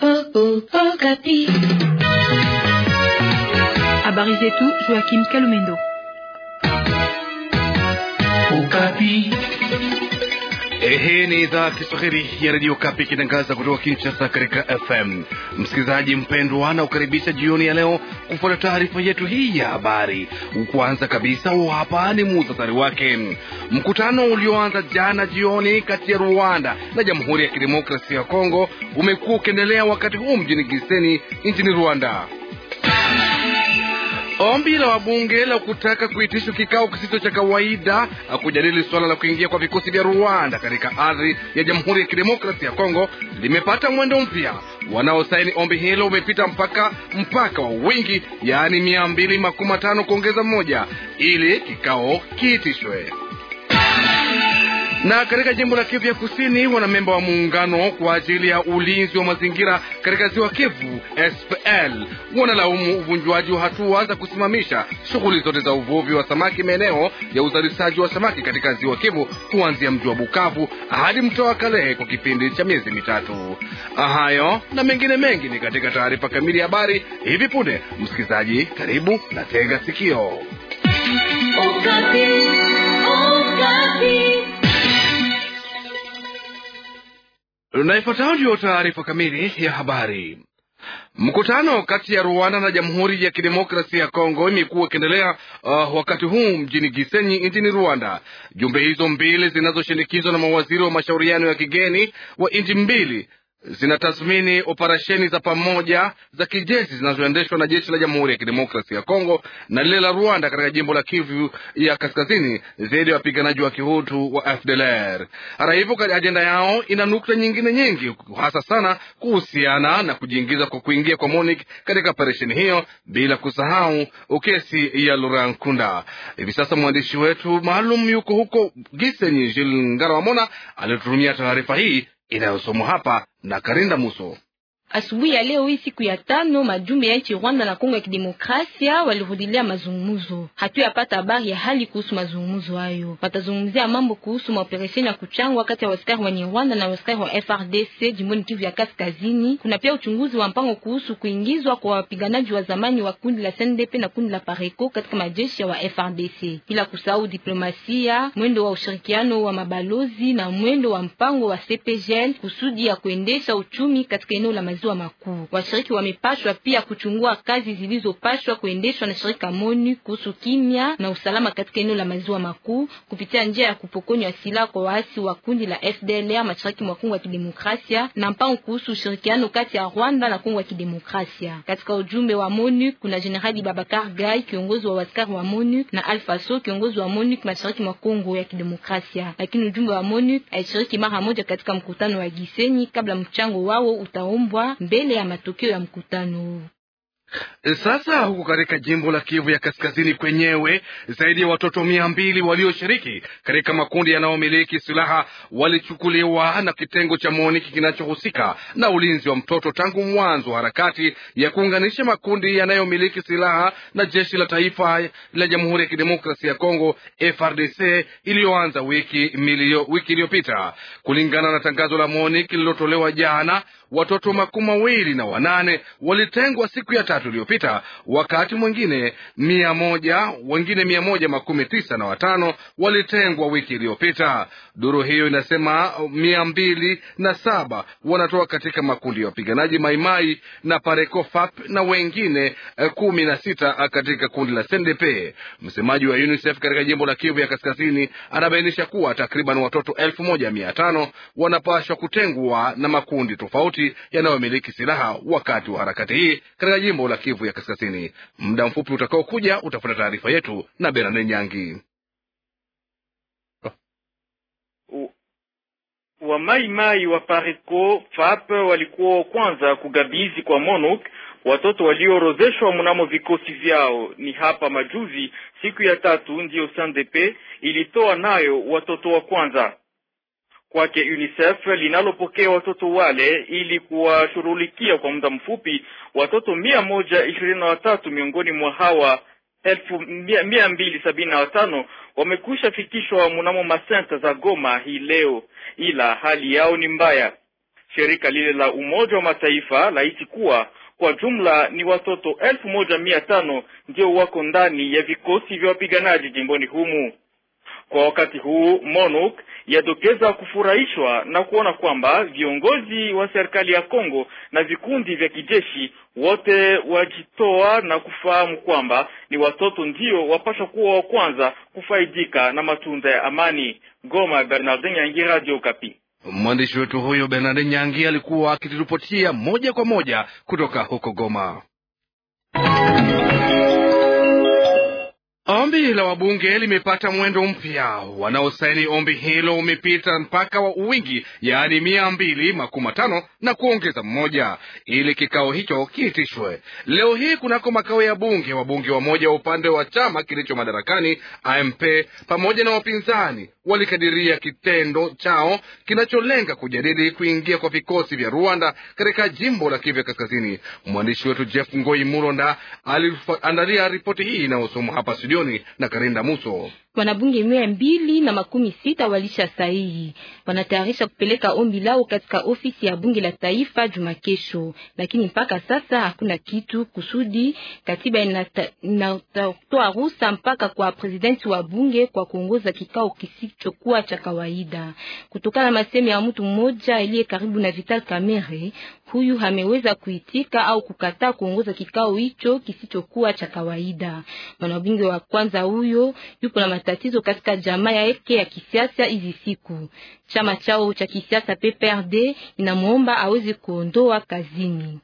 Oh, oh, oh, Kapi! À Barizetou, Joachim Calomendo. Oh, Kapi! Eh, hii ni idhaa Kiswahili ya redio Kapi ikitangaza kutoka Kinshasa katika FM. Msikilizaji mpendwa, na ukaribisha jioni ya leo kufuata taarifa yetu hii ya habari. Kwanza kabisa, huu hapa ni muhtasari wake. Mkutano ulioanza jana jioni kati ya Rwanda na Jamhuri ya Kidemokrasia ya Kongo umekuwa ukiendelea wakati huu mjini Giseni nchini Rwanda. Ombi la wabunge la kutaka kuitishwa kikao kisicho cha kawaida kujadili suala la kuingia kwa vikosi vya Rwanda katika ardhi ya Jamhuri ya Kidemokrasia ya Kongo limepata mwendo mpya. Wanaosaini ombi hilo umepita mpaka mpaka wa wingi, yaani mia mbili makumi matano kuongeza moja, ili kikao kiitishwe. Na katika jimbo la Kivu ya Kusini, wanamemba wa muungano kwa ajili ya ulinzi wa mazingira katika ziwa Kivu SPL wanalaumu uvunjwaji wa hatua za kusimamisha shughuli zote za uvuvi wa samaki maeneo ya uzalishaji wa samaki katika ziwa Kivu kuanzia mji wa Bukavu hadi mtoa Kalehe kwa kipindi cha miezi mitatu. Hayo na mengine mengi ni katika taarifa kamili ya habari hivi punde. Msikilizaji, karibu na tega sikio Ukati, Ukati. Na ifuatayo ndiyo taarifa kamili ya habari. Mkutano kati ya Rwanda na Jamhuri ya Kidemokrasia ya Kongo imekuwa ikiendelea uh, wakati huu mjini Gisenyi nchini Rwanda. Jumbe hizo mbili zinazoshinikizwa na mawaziri wa mashauriano ya kigeni wa nchi mbili zinatathmini operesheni za pamoja za kijeshi zinazoendeshwa na jeshi la Jamhuri ya Kidemokrasia ya Kongo na lile la Rwanda katika jimbo la Kivu ya Kaskazini dhidi ya wapiganaji wa Kihutu wa FDLR. Hata hivyo, ajenda yao ina nukta nyingine nyingi, hasa sana kuhusiana na kujiingiza kwa kuingia kwa MONUC katika operesheni hiyo, bila kusahau ukesi ya Laurent Nkunda. Hivi sasa mwandishi wetu maalum yuko huko Gisenyi, Jil Ngara Wamona aliyotutumia taarifa hii inayosomwa hapa na Karinda Muso. Asubuhi ya leo hii siku ya tano, majumbe ya nchi Rwanda na Kongo ya Kidemokrasia walirudilia mazungumzo. Hatuyapata habari ya hali kuhusu mazungumzo hayo. Watazungumzia mambo kuhusu maoperesheni ya kuchangwa kati ya waskari wa Rwanda na wasikari wa FRDC jimboni Kivu ya Kaskazini. Kuna pia uchunguzi wa mpango kuhusu kuingizwa kwa wapiganaji wa zamani wa kundi la CNDP na kundi la Pareco katika majeshi ya wa FRDC, bila kusahau diplomasia, mwendo wa ushirikiano wa mabalozi na mwendo wa mpango wa CPGL kusudi ya kuendesha uchumi katika eneo la maziwa makuu. Washiriki wamepashwa pia kuchungua kazi zilizopashwa kuendeshwa na shirika MONU kuhusu kimya na usalama katika eneo la maziwa makuu kupitia njia ya kupokonywa silaha kwa waasi wa kundi la FDLR mashariki mwa Kongo ya Kidemokrasia na mpango kuhusu ushirikiano kati ya Rwanda na Kongo ya Kidemokrasia. Katika ujumbe wa MONU kuna Generali Babakar Gai, kiongozi wa askari wa MONU na Alpha So, kiongozi wa MONU mashariki mwa Kongo ya Kidemokrasia, lakini ujumbe wa MONU haishiriki mara moja katika mkutano wa Gisenyi kabla mchango wao utaombwa mbele ya matokeo ya mkutano e, Sasa huko katika jimbo la Kivu ya kaskazini kwenyewe, zaidi ya watoto mia mbili walioshiriki katika makundi yanayomiliki silaha walichukuliwa na kitengo cha moniki kinachohusika na ulinzi wa mtoto tangu mwanzo harakati ya kuunganisha makundi yanayomiliki silaha na jeshi la taifa la Jamhuri ya Kidemokrasia ya Kongo FRDC iliyoanza wiki iliyopita, kulingana na tangazo la MONUC lililotolewa jana watoto makumi mawili na wanane walitengwa siku ya tatu iliyopita, wakati mwingine mia moja wengine mia moja makumi tisa na watano walitengwa wiki iliyopita. Duru hiyo inasema mia mbili na saba wanatoka katika makundi ya wapiganaji Maimai na Parekofap na wengine eh, kumi na sita katika kundi la sndp Msemaji wa UNICEF katika jimbo la Kivu ya Kaskazini anabainisha kuwa takriban watoto elfu moja mia tano wanapashwa kutengwa na makundi tofauti madhubuti yanayomiliki silaha wakati wa harakati hii katika jimbo la Kivu ya Kaskazini. Muda mfupi utakaokuja utafuata taarifa yetu na Bernard Nyangi. Wamaimai wa Pareco FAP walikuwa wa kwanza kugabizi kwa MONUC watoto waliorozeshwa mnamo vikosi vyao. Ni hapa majuzi, siku ya tatu, ndiyo SNDP ilitoa nayo watoto wa kwanza kwake UNICEF linalopokea watoto wale ili kuwashughulikia kwa muda mfupi watoto mia moja ishirini na watatu miongoni mwa hawa elfu mia, mia mbili sabini na watano wamekwisha fikishwa mnamo masenta za Goma hii leo, ila hali yao ni mbaya. Shirika lile la Umoja wa Mataifa laiti kuwa kwa jumla ni watoto elfu moja mia tano ndio wako ndani ya vikosi vya wapiganaji jimboni humu. Kwa wakati huu MONUC yadokeza kufurahishwa na kuona kwamba viongozi wa serikali ya Kongo na vikundi vya kijeshi wote wajitoa na kufahamu kwamba ni watoto ndio wapasha kuwa wa kwanza kufaidika na matunda ya amani. Goma, Bernardin Nyangi, Radio Okapi. Mwandishi wetu huyo Bernardin Nyangi alikuwa akituripotia moja kwa moja kutoka huko Goma. Ombi la wabunge limepata mwendo mpya. Wanaosaini ombi hilo umepita mpaka wa uwingi, yaani mia mbili makumi matano na kuongeza mmoja, ili kikao hicho kiitishwe leo hii kunako makao ya bunge. Wabunge wamoja wa upande wa chama kilicho madarakani AMP pamoja na wapinzani walikadiria kitendo chao kinacholenga kujadili kuingia kwa vikosi vya Rwanda katika jimbo la Kivu Kaskazini. Mwandishi wetu Jeff Ngoi muronda aliandalia ripoti hii inayosomwa hapa studioni na Karinda Muso wanabunge mia mbili na makumi sita walisha sahihi. Wanatayarisha kupeleka ombi lao katika ofisi ya bunge la taifa juma kesho, lakini mpaka sasa hakuna kitu kusudi. Katiba inatoa ruhusa mpaka kwa presidenti wa bunge kwa kuongoza kikao kisichokuwa cha kawaida, kutokana na masemi ya mtu mmoja aliye karibu na Vital Kamerhe huyu ameweza kuitika au kukataa kuongoza kikao hicho kisichokuwa cha kawaida. Mwanabunge wa kwanza huyo yupo na matatizo katika jamaa yake ya kisiasa hizi siku. Chama chao cha kisiasa PPRD inamwomba aweze kuondoa kazini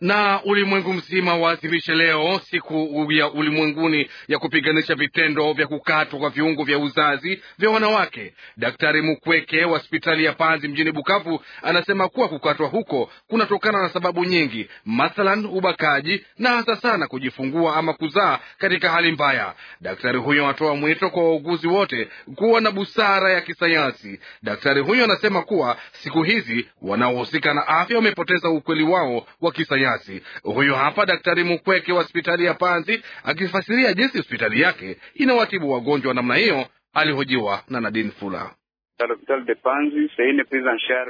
na ulimwengu mzima waadhimishe leo siku ya ulimwenguni ya kupiganisha vitendo vya kukatwa kwa viungo vya uzazi vya wanawake. Daktari Mukweke wa hospitali ya Panzi mjini Bukavu anasema kuwa kukatwa huko kunatokana na sababu nyingi, mathalan ubakaji na hasa sana kujifungua ama kuzaa katika hali mbaya. Daktari huyo anatoa mwito kwa wauguzi wote kuwa na busara ya kisayansi. Daktari huyo anasema kuwa siku hizi wanaohusika na afya wamepoteza ukweli wao wa kisayansi. Nyasi. Huyu hapa Daktari Mukweke wa hospitali ya Panzi akifasiria jinsi hospitali yake inawatibu wagonjwa namna hiyo, alihojiwa na Nadine Fula.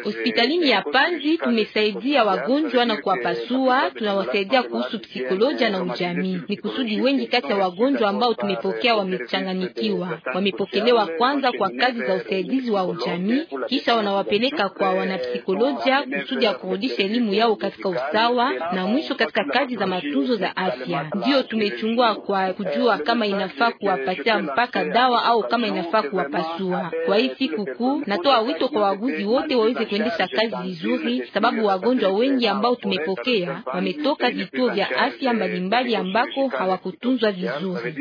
Hospitalini ya Panzi tumesaidia wagonjwa na kuwapasua, tunawasaidia kuhusu psikolojia na ujamii. Ni kusudi wengi kati ya wagonjwa ambao tumepokea wamechanganyikiwa, wamepokelewa kwanza kwa kazi za usaidizi wa ujamii, kisha wanawapeleka kwa wanapsikolojia kusudi ya kurudisha elimu yao katika usawa, na mwisho katika kazi za matunzo za afya. Ndiyo tumechungua euh, kwa kujua kama inafaa kuwapatia mpaka dawa au kama inafaa kuwapasua. Kwa hii siku kuu, natoa wito kwa waguzi wote waweze kuendesha kazi vizuri, sababu wagonjwa wengi ambao tumepokea wametoka vituo vya afya mbalimbali ambako hawakutunzwa vizuri.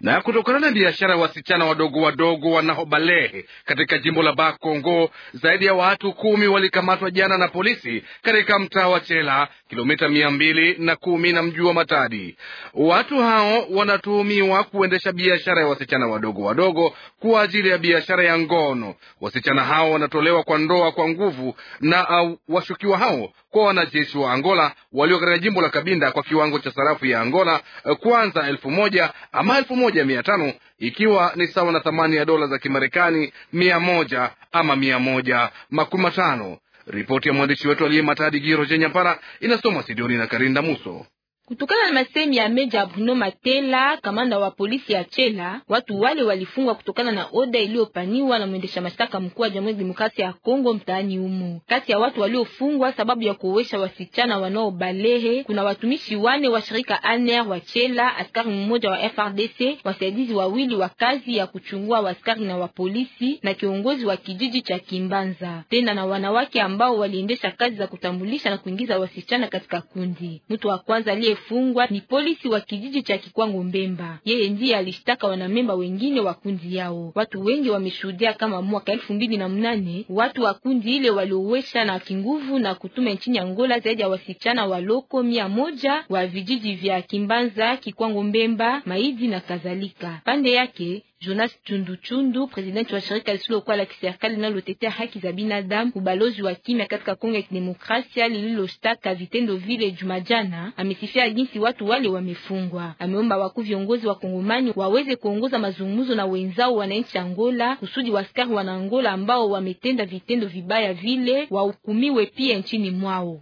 Na kutokana na biashara ya wasichana wadogo wadogo wanaobalehe katika jimbo la Bakongo, zaidi ya watu kumi walikamatwa jana na polisi katika mtaa wa Chela kilomita mia mbili na kumi na mji wa Matadi. Watu hao wanatuhumiwa kuendesha biashara ya wasichana wadogo wadogo kwa ajili ya biashara ya ngono. Wasichana hao wanatolewa kwa ndoa kwa nguvu na au, washukiwa hao kwa wanajeshi wa Angola walio katika jimbo la Kabinda kwa kiwango cha sarafu ya Angola eh, kwanza elfu moja ama elfu moja mia tano ikiwa ni sawa na thamani ya dola za Kimarekani mia moja ama mia moja makumi matano Ripoti ya mwandishi wetu aliye Matadi Giro Chenyapara inasoma Sidoni na Karinda Muso. Kutokana na masemi ya Meja Bruno Matela, kamanda wa polisi ya Chela, watu wale walifungwa kutokana na oda iliyopaniwa na mwendesha mashtaka mkuu wa Jamhuri ya Demokrasia ya Kongo mtaani humo. Kati ya watu waliofungwa sababu ya kuowesha wasichana wanaobalehe kuna watumishi wane wa shirika ANR wa Chela, askari mmoja wa FRDC, wasaidizi wawili wa kazi ya kuchungua waskari na wapolisi na kiongozi wa kijiji cha Kimbanza, tena na wanawake ambao waliendesha kazi za kutambulisha na kuingiza wasichana katika kundi. Mtu wa kwanza aliye aliyefungwa ni polisi wa kijiji cha Kikwango Mbemba. Yeye ndiye alishtaka wanamemba wengine wa kundi yao. Watu wengi wameshuhudia kama mwaka elfu mbili na mnane watu wa kundi ile waliowesha na kinguvu na kutuma nchini Angola zaidi ya wasichana wa mia moja wa vijiji vya Kimbanza, Kikwango Mbemba, Maidi na kadhalika. Pande yake Jonas Chunduchundu, presidenti wa shirika lisilokuwa la kiserikali linalotetea haki za binadamu, ubalozi wa kimya katika Kongo ya Kidemokrasia lililoshtaka vitendo vile Jumajana, amesifia jinsi watu wale wamefungwa. Ameomba wakuu viongozi wa Kongomani waweze kuongoza mazungumzo na wenzao wananchi Angola kusudi waskari wana Angola ambao wametenda vitendo vibaya vile wahukumiwe pia nchini mwao.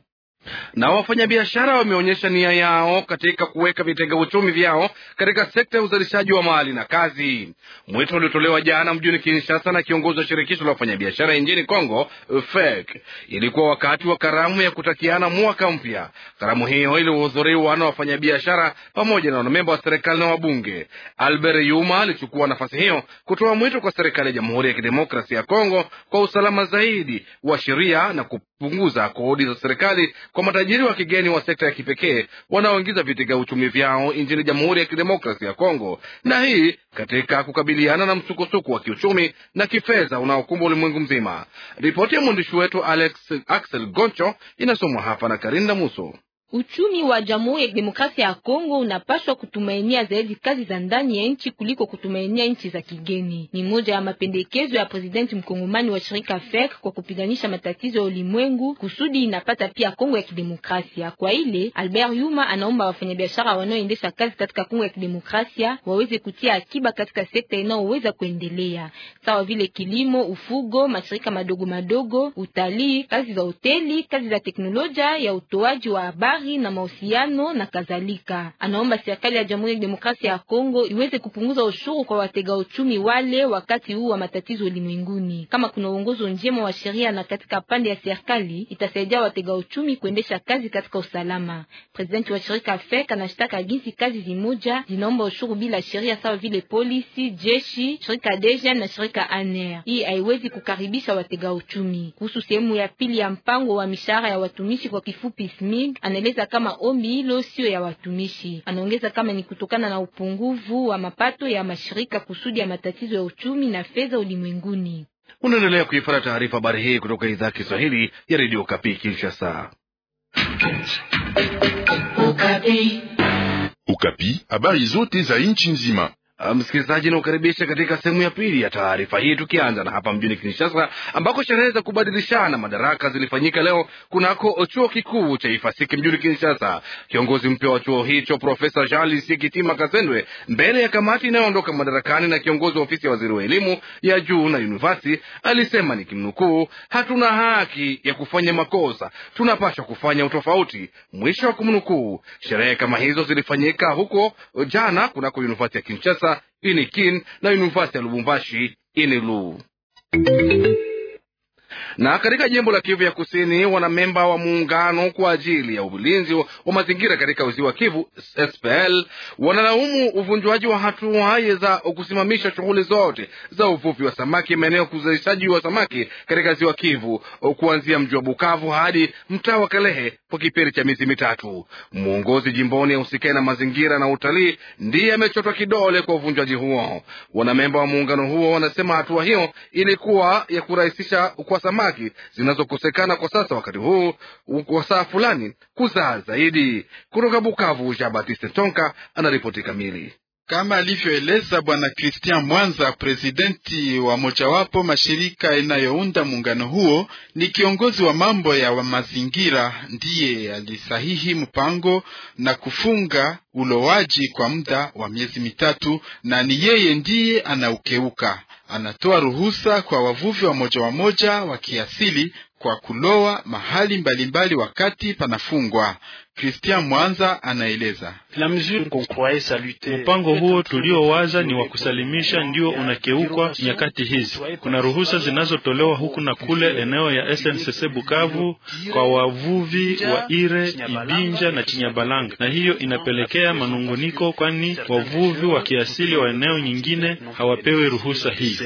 Na wafanyabiashara wameonyesha nia yao katika kuweka vitega uchumi vyao katika sekta ya uzalishaji wa mali na kazi. Mwito uliotolewa jana mjini Kinshasa na kiongozi wa shirikisho la wafanyabiashara nchini Kongo FEC ilikuwa wakati wa karamu ya kutakiana mwaka mpya. Karamu hiyo ilihudhuriwa na wafanyabiashara pamoja na wanamemba wa serikali na wabunge. Albert Yuma alichukua nafasi hiyo kutoa mwito kwa serikali ya Jamhuri ya Kidemokrasia ya Kongo kwa usalama zaidi wa sheria na kupunguza kodi za serikali kwa matajiri wa kigeni wa sekta ya kipekee wanaoingiza vitega uchumi vyao nchini Jamhuri ya Kidemokrasia ya Kongo, na hii katika kukabiliana na msukosuko wa kiuchumi na kifedha unaokumba ulimwengu mzima. Ripoti ya mwandishi wetu Alex Axel Goncho inasomwa hapa na Karinda Muso. Uchumi wa Jamhuri ya Demokrasia ya Kongo unapaswa kutumainia zaidi kazi za ndani ya nchi kuliko kutumainia nchi za kigeni. Ni moja ya mapendekezo ya presidenti mkongomani wa shirika FEC kwa kupiganisha matatizo ya ulimwengu kusudi inapata pia Kongo ya Kidemokrasia. Kwa ile Albert Yuma anaomba wafanyabiashara wanaoendesha kazi katika Kongo ya Kidemokrasia waweze kutia akiba katika sekta inayoweza kuendelea sawa vile kilimo, ufugo, mashirika madogo madogo, utalii, kazi za hoteli, kazi za teknolojia ya utoaji wa habari habari na mahusiano na kadhalika. Anaomba serikali ya Jamhuri ya Demokrasia ya Kongo iweze kupunguza ushuru kwa watega uchumi wale wakati huu wa matatizo ulimwenguni. Kama kuna uongozo njema wa sheria na katika pande ya serikali, itasaidia watega uchumi kuendesha kazi katika usalama. Presidenti wa shirika FEC anashtaka jinsi kazi zimoja zinaomba ushuru bila sheria sawa vile polisi, jeshi, shirika Dejen na shirika ANER. Hii haiwezi kukaribisha watega uchumi. Kuhusu sehemu ya pili ya mpango wa mishahara ya watumishi kwa kifupi SMIG, anaeleza kama ombi hilo sio ya watumishi. Anaongeza kama ni kutokana na upungufu wa mapato ya mashirika kusudi ya matatizo ya uchumi na fedha ulimwenguni. Unaendelea kuifata taarifa habari hii kutoka idhaa ya Kiswahili ya redio Kapi Kinshasa. Ukapi, habari zote za nchi nzima Ah, msikilizaji, naukaribisha katika sehemu ya pili ya taarifa hii, tukianza na hapa mjini Kinshasa ambako sherehe za kubadilishana madaraka zilifanyika leo kunako chuo kikuu cha Ifasiki mjini Kinshasa. Kiongozi mpya wa chuo hicho Profesa Jean Lisie Kitima Kasendwe mbele ya kamati inayoondoka madarakani na kiongozi wa ofisi ya waziri wa elimu ya juu na yunivasi alisema, ni kimnukuu, hatuna haki ya kufanya makosa, tunapaswa kufanya utofauti, mwisho wa kumnukuu. Sherehe kama hizo zilifanyika huko jana kunako yunivasi ya Kinshasa Kinshasa, UNIKIN na Universite ya Lubumbashi, INELU. Na katika jimbo la Kivu ya Kusini, wanamemba wa muungano kwa ajili ya ulinzi wa mazingira katika uziwa Kivu SPL wanalaumu uvunjwaji wa hatua za kusimamisha shughuli zote za uvuvi wa samaki maeneo ya wa samaki katika ziwa Kivu kuanzia mji wa Bukavu hadi mtaa wa Kalehe kwa kipindi cha miezi mitatu. Mwongozi jimboni ya na mazingira na utalii ndiye amechotwa kidole kwa uvunjwaji huo. Wanamemba wa muungano huo wanasema hatua hiyo ilikuwa ya kurahisisha kwa samaki haki zinazokosekana kwa sasa wakati huu kwa saa fulani kuzaa zaidi. Kutoka Bukavu, Jean Batiste Tonka anaripoti kamili. Kama alivyoeleza bwana Christian Mwanza, presidenti wa mojawapo mashirika yanayounda muungano huo, ni kiongozi wa mambo ya wa mazingira, ndiye alisahihi mpango na kufunga ulowaji kwa muda wa miezi mitatu, na ni yeye ndiye anaukeuka anatoa ruhusa kwa wavuvi wamoja wamoja wa kiasili kwa kuloa mahali mbalimbali mbali wakati panafungwa. Christian Mwanza anaeleza. Mpango huo tuliowaza ni wa kusalimisha ndio unakeukwa nyakati hizi. Kuna ruhusa zinazotolewa huku na kule eneo ya SNCC Bukavu kwa wavuvi wa Ire, Ibinja na Chinyabalanga, na hiyo inapelekea manunguniko, kwani wavuvi wa kiasili wa eneo nyingine hawapewi ruhusa hii.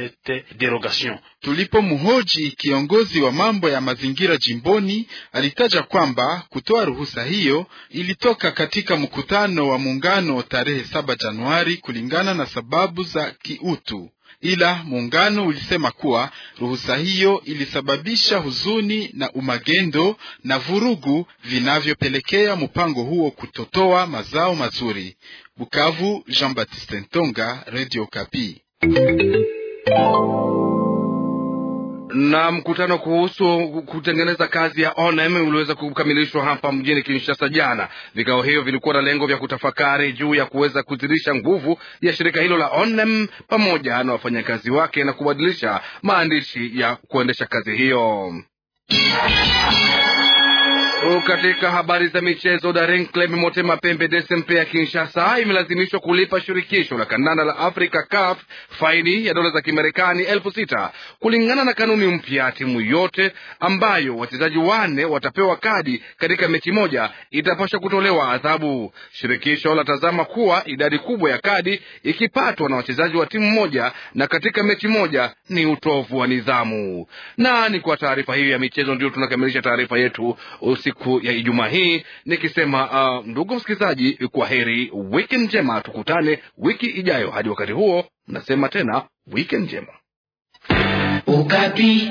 Tulipomhoji kiongozi wa mambo ya mazingira jimboni, alitaja kwamba kutoa ruhusa hiyo ilitoka katika mkutano wa muungano tarehe 7 Januari kulingana na sababu za kiutu ila muungano ulisema kuwa ruhusa hiyo ilisababisha huzuni na umagendo na vurugu vinavyopelekea mpango huo kutotoa mazao mazuri. Bukavu, Jean Baptiste Ntonga, Radio Kapi. Na mkutano kuhusu kutengeneza kazi ya ONEM uliweza kukamilishwa hapa mjini Kinshasa jana. Vikao hivyo vilikuwa na lengo vya kutafakari juu ya kuweza kuzidisha nguvu ya shirika hilo la ONEM pamoja na wafanyakazi wake na kubadilisha maandishi ya kuendesha kazi hiyo. Katika habari za michezo, Darenkle Motema Pembe DSMP ya Kinshasa imelazimishwa kulipa shirikisho la kandanda la africa CAF faini ya dola za Kimarekani elfu sita kulingana na kanuni mpya. Timu yote ambayo wachezaji wanne watapewa kadi katika mechi moja itapaswa kutolewa adhabu. Shirikisho latazama kuwa idadi kubwa ya kadi ikipatwa na wachezaji wa timu moja na katika mechi moja ni utovu wa nidhamu. Na ni kwa taarifa hiyo ya michezo ndio tunakamilisha taarifa yetu usiku siku ya Ijumaa hii nikisema uh, ndugu msikilizaji, kwa heri, wiki njema, tukutane wiki ijayo. Hadi wakati huo, mnasema tena wiki njema. Ukapi.